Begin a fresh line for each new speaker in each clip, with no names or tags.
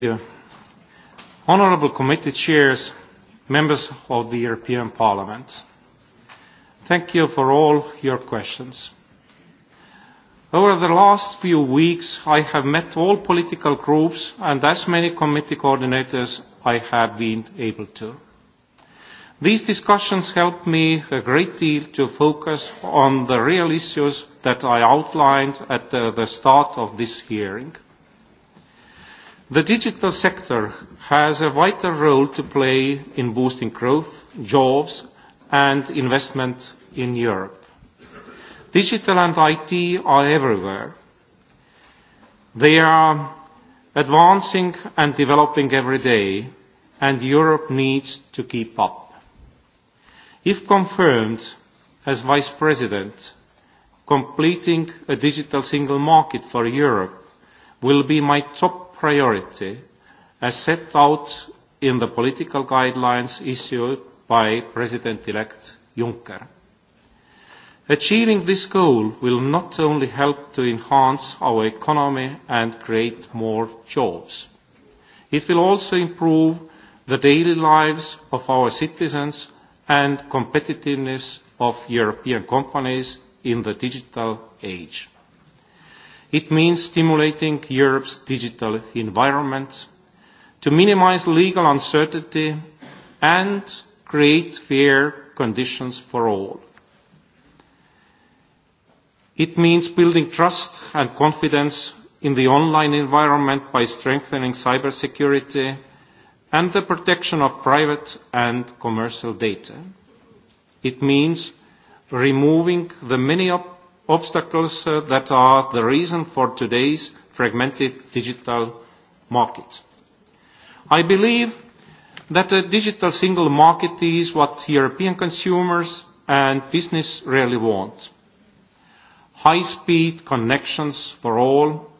Yeah. Honorable Committee Chairs, members of the European Parliament, thank you for all your questions. Over the last few weeks, I have met all political groups and as many committee coordinators I have been able to. These discussions helped me a great deal to focus on the real issues that I outlined at the, the start of this hearing – The digital sector has a vital role to play in boosting growth, jobs and investment in Europe. Digital and IT are everywhere. They are advancing and developing every day, and Europe needs to keep up. If confirmed as Vice President, completing a digital single market for Europe will be my top priority as set out in the political guidelines issued by President-elect Juncker. Achieving this goal will not only help to enhance our economy and create more jobs, it will also improve the daily lives of our citizens and competitiveness of European companies in the digital age. It means stimulating Europe's digital environment to minimize legal uncertainty and create fair conditions for all. It means building trust and confidence in the online environment by strengthening cybersecurity and the protection of private and commercial data. It means removing the many op obstacles uh, that are the reason for today's fragmented digital markets. I believe that a digital single market is what European consumers and business really want. High-speed connections for all,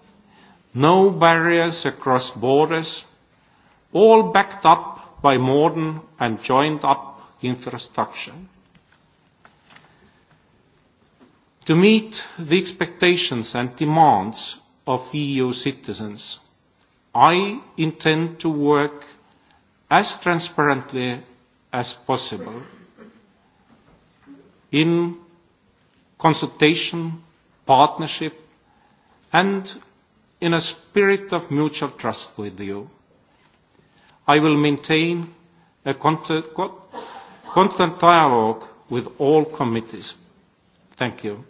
no barriers across borders, all backed up by modern and joined-up infrastructure. to meet the expectations and demands of EU citizens. I intend to work as transparently as possible in consultation, partnership, and in a spirit of mutual trust with you. I will maintain a constant, dialogue with all committees. Thank you.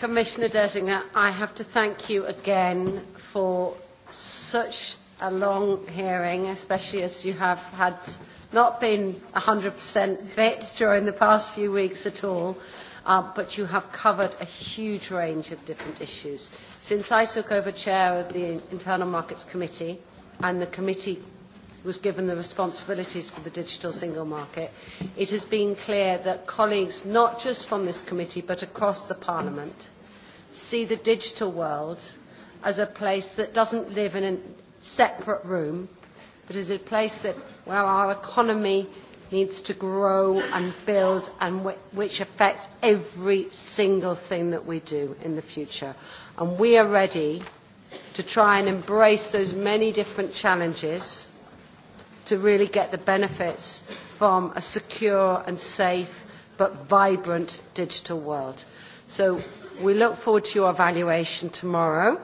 Commissioner Desinger, I have to thank you again for such a long hearing, especially as you have had not been 100% fit during the past few weeks at all, uh, but you have covered a huge range of different issues. Since I took over chair of the Internal Markets Committee, and the committee was given the responsibilities for the digital single market, it has been clear that colleagues, not just from this committee but across the Parliament, see the digital world as a place that doesn't live in a separate room, but is a place that, where our economy needs to grow and build and which affects every single thing that we do in the future. And we are ready to try and embrace those many different challenges to really get the benefits from a secure and safe but vibrant digital world. So we look forward to your evaluation tomorrow.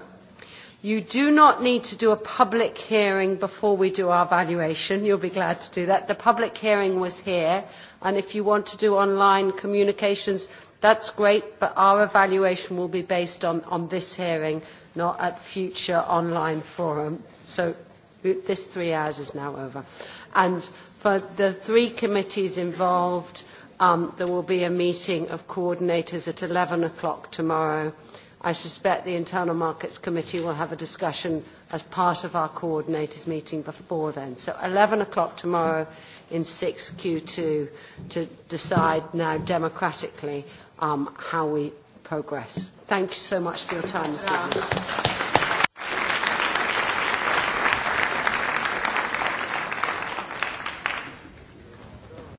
You do not need to do a public hearing before we do our evaluation, You'll be glad to do that. The public hearing was here, and if you want to do online communications, that's great, but our evaluation will be based on, on this hearing, not at future online forum. So this three hours is now over. And for the three committees involved, um, there will be a meeting of coordinators at 11 o'clock tomorrow. I suspect the Internal Markets Committee will have a discussion as part of our coordinators meeting before then. So 11 o'clock tomorrow in 6Q2 to decide now democratically um, how we progress. Thank you so much for your time this evening.